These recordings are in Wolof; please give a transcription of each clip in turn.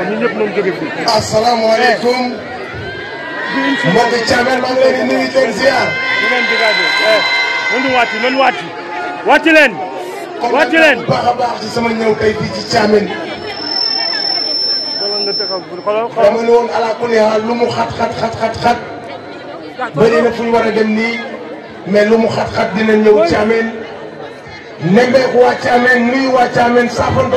ñun ñëpp nañ jóge fii. asalaamaaleykum. mbokk Thiamène a ngi leen di nuyu seen ziar. ñu leen di a baax ci sama ñëw tey fii ci lu mu xat xat xat bëri na fu a dem nii. mais lu mu xat xat dina ñëw Thiamène. nembeeku waa Thiamène nuyu waa Thiamène saafanto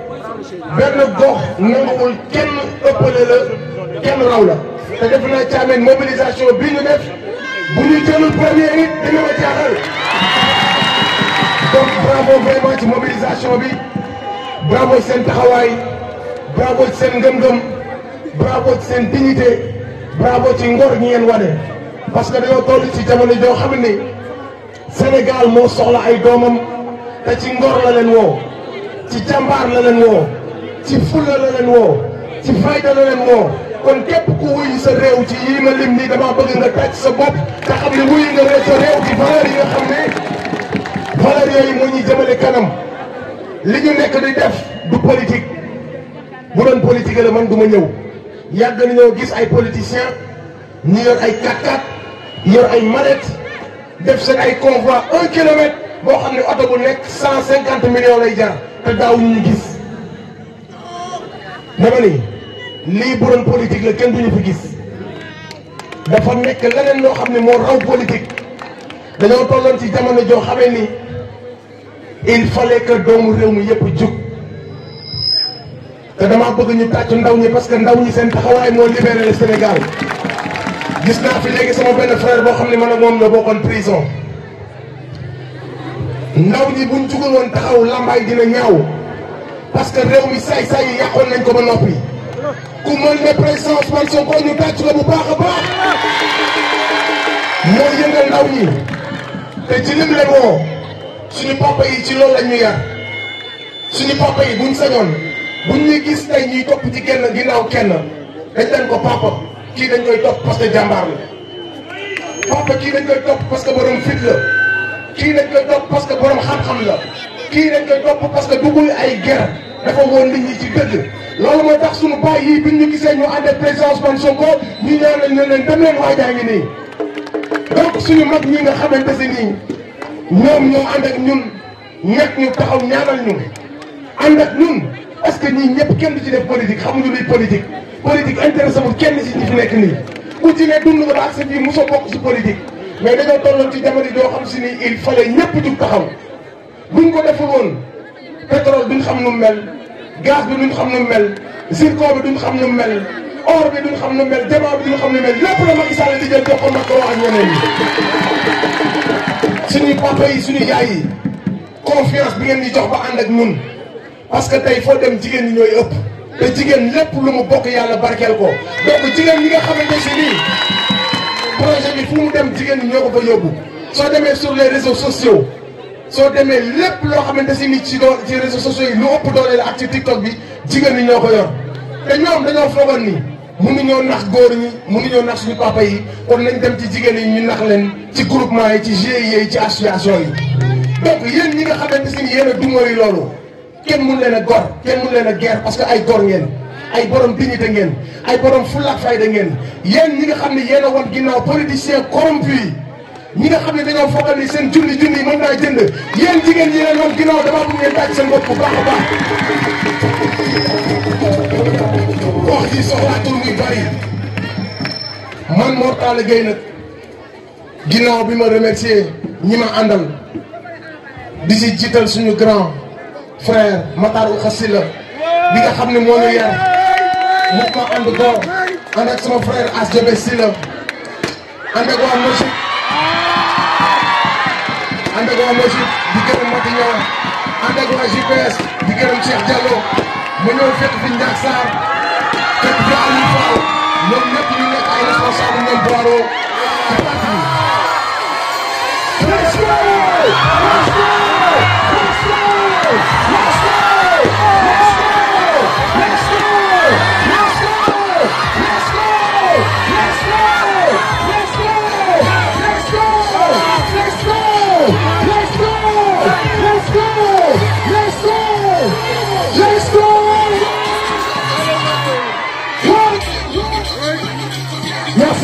benn gox nanguwul kenn ëppale kenn raw te def naa caameen bi ñu def bu ñu jëlul premier nit dina ma jaaxal donc bravo ci mobilisation bi bravo ci seen taxawaay bravo ci seen ngëm-ngëm bravo ci seen dignité bravo ci ngor ñi ngeen wane parce que dañoo toll ci jamono joo xam ni Sénégal moo soxla ay doomam te ci ngor la leen woo ci jàmbaar la leen woo ci fulla la leen woo ci fayda la leen woo kon képp ku wuyu sa réew ci yii ma lim nii dama bëgg nga tàcc sa bopp te xam ne wuyu nga sa réew ci valeur yi nga xam ne valeur yooyu moo ñuy jëmale kanam li ñu nekk di def du politique bu doon politique la man du ñëw yàgg nañoo gis ay politiciens ñu yor ay kàkkat yor ay mallette def seen ay convoi un kilomètre boo xam ne oto bu nekk cent cinquante millions lay jar te daawuñu ñu gis. dama ni lii borom politique la kenn duñu fi gis dafa nekk leneen loo xam ne moo raw politique dañoo tolloon ci jamono joo xamee ni il fallait que doomu réew mi yëpp jug te damaa bëgg ñu tàcc ndaw ñi parce que ndaw ñi seen taxawaay moo libéré le Sénégal gis naa fi léegi sama benn frère boo xam ne man ak moom la bokkoon prison ndaw ñi buñ jugal woon taxaw lambaay dina ñaaw. parce que réew mi say say yi yàqoon nañ ko ba noppi ku mën ne président Ousmane Sonko ñu tàcc la bu baax a baax moo yëngal ndaw ñi te ci lim leen woo suñu papa yi ci loolu la ñu yar suñu papa yi buñ sañoon buñ ñuy gis tey ñuy topp ci kenn ginnaaw kenn dañ daan ko papa kii dañ koy topp parce que jàmbaar la papa kii dañ koy topp parce que fit la kii dañ koy topp parce que xam-xam la. kii dañ koy topp parce que duggul ay ger dafa woon nit ñi ci dëgg loolu mooy tax sunu baay yi bi ñu gisee ñu ànd ak président ne leen dem leen waajaa xamante ne nii ñoom ñoo ànd ak ñun ñett ñu taxaw ñaanal ñun ànd ak ñun parce que ñii ñëpp kenn du ci def politique xamuñu luy politique. politique intéressé wul kenn ci ñi nekk nii ku ci ne dund nga ba ak sa biir mosoo bokk ci politique mais dañoo tolloon ci jamono joo xam si ni il fallait ñëpp jug taxaw. buñ ko deful woon pétrole duñ xam nu mel gaz bi duñ xam nu mel zircon bi duñ xam nu mel or bi duñ xam nu mel diamant bi duñ xam nu mel lépp la Macky Sall di jël jox ko Macron ak yeneen yi. suñuy papa yi suñu yaay yi confiance bi ngeen di jox ba ànd ak ñun parce que tey foo dem jigéen ñi ñooy ëpp. te jigéen lépp lu mu bokk yàlla barkeel ko donc jigéen ñi nga xamante si nii projet bi fu mu dem jigéen ñi ñoo ko fa yóbbu soo demee sur les réseaux sociaux. soo demee lépp loo xamante si ni ci doon ci réseaux sociaux yi lu ëpp doole la ak ci TikTok bi jigéen ñi ñoo ko yor te ñoom dañoo foogoon ni mënuñoo nax góor ñi mënuñoo nax suñu papa yi kon nañ dem ci jigéen yi ñu nax leen ci groupement yi ci GIE yi ci association yi. donc yéen ñi nga xamante si ni yéen loolu kenn mun leen a gor kenn mun leen a parce que ay gor ngeen. ay borom dignité ngeen ay borom fulla ak fayda ngeen yéen ñi nga xam ne yéen a wan ginnaaw politiciens corrompus yi. ñi nga xam ne dañoo fogal ni seen junni junni mën naa jënd yéen jigéen ñi ne ñoom ginnaaw damaa bëgg ngeen tàcc seen bopp bu baax a baax. wax ji soxlaatul muy bari man Mor Talla Gueye nag bi ma remercier ñi ma àndal di si jiital suñu grand frère Matar Xasila bi nga xam ne moo ñu yar moom ma ànd góor ànd ak sama frère As Jobe Sila ànd ak waa ànd ak waa Mourchid di gërëm Mati Ñawa ànd waa GPS di gërëm Cheikh Diallo ma ñëw fekk fi Ndiak Sarr fekk fi Aliou Fall ñoom ñëpp ñu nekk ay responsable ñoom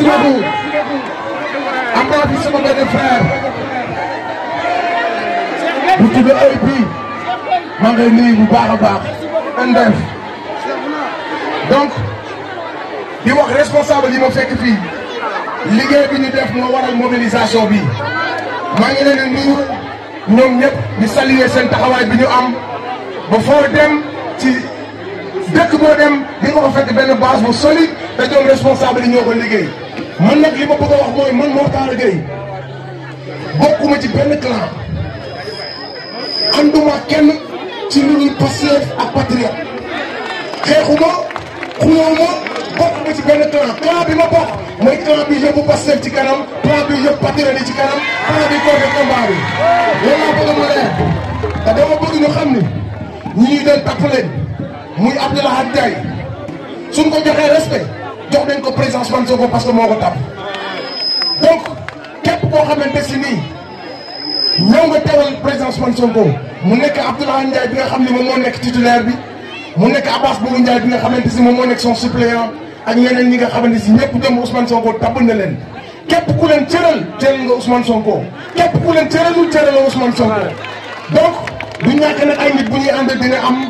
boobu am naa bu tudd ay bi maa ngi lay bu baax a baax ndef donc di wax responsable yi ma fekk fii liggéey bi ñu def moo waral mobilisation bi maa ngi leen di nuyu ñoom ñëpp seen taxawaay bi ñu am ba foo dem dem di nga ko fekk benn base bu solide te ñoom responsable yi ñoo ko liggéey man nag li ma bëgg a wax mooy man Moctar Gueye bokkuma ci benn clan ànduma kenn ci lu dul Pastef ak patriote xeexuma xulóoma bokkuma ci benn clan clan bi ma bokk mooy clan bi yóbbu Pastef ci kanam clan bi yóbbu patriote yi ci kanam clan bi koo def combat bi loolu laa bëgg mu leer te dama bëgg ñu xam ni ñi ñuy doon tapp leen muy abdallah Lahad suñ ko joxe respect jox nañ ko présence man soko parce que moko ko donc kep ko xamante si nii ñëw nga tawal présence man soko mu nek Abdou Lahad bi nga xamni mo mo nek titulaire bi mu nek Abbas bu ndjay bi nga xamante si mo moo nekk son suppléant ak ñeneen ñi nga xamante si ñëpp dem Ousmane Sonko tabb na len kep ku len teural teural nga Ousmane Sonko kep ku len teural lu teural Ousmane Sonko donc du ñak nak ay nit bu ñuy ande dina am.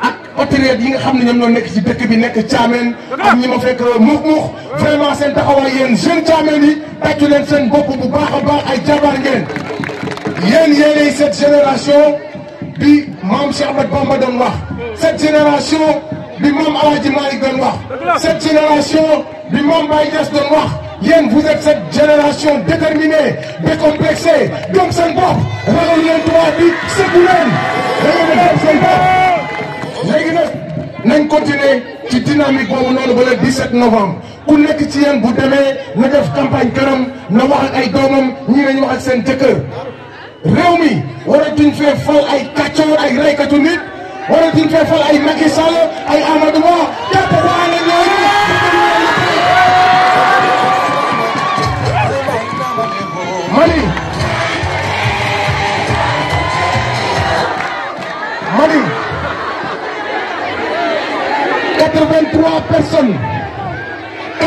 ak autorités yi nga ci bi a baax ay jabar ngeen cette génération bi cette génération bi cette génération bi vous êtes cette génération déterminée décomplexée gëm seen léegi nag nañ continuer ci dynamique boobu noonu ba le 17 novembre ku nekk ci yéen bu demee na def campagne kanam na wax ak ay doomam ñii nañu wax ak seen jëkkër réew mi waratuñ fee fal ay kàccoor ay reykatu nit waratuñ fee fal ay Macky Sall ay Amadou Ba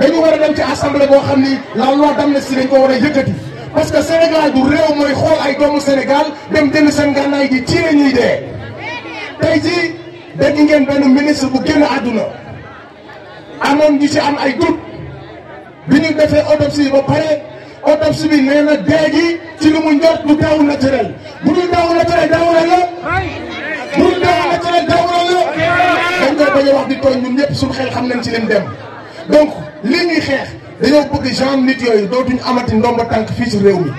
dañu war a dem ci assemblée boo xam ni la loi si dañ ko war a yëkkati parce que Sénégal du réew mooy xool ay doomu senegal dem jënd seen gànnaay gi ci la ñuy dee. tey jii dégg ngeen benn ministre bu génn àdduna amoon ñu ci am ay doute bi ñu defee autopsie ba pare autopsie bi nee na dee gi ci lu mu njort du daaw naturel bu dul daaw naturel daaw la bu dul daaw naturel daaw la dañ koy bañ a wax di tooñ ñun ñëpp suñu xel xam nañ ci leen dem. donc lii ñuy xeex dañoo bëgg genre nit yooyu dootuñu amati ndomba tànk fii ci réew mi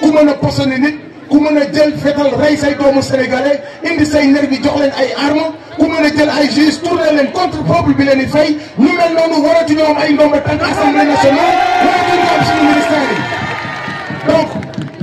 ku mën a posone nit ku mën a jël fetal rey say doomu sénégalais indi say nervi jox leen ay armes ku mën a jël ay juges tourné leen contre peuple bi leen di fay ñu mel noonu waratuñoo am ay ndomba tànk assemblée nationale waratuñu am suñu ministère yi donc.